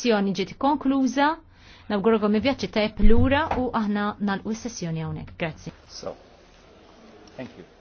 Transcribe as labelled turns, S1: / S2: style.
S1: sessjoni ġiet konkluża. Nawgurgom mi vjaċċi tajb lura u aħna nalqu s-sessjoni hawnhekk. Grazzi. So,
S2: thank you.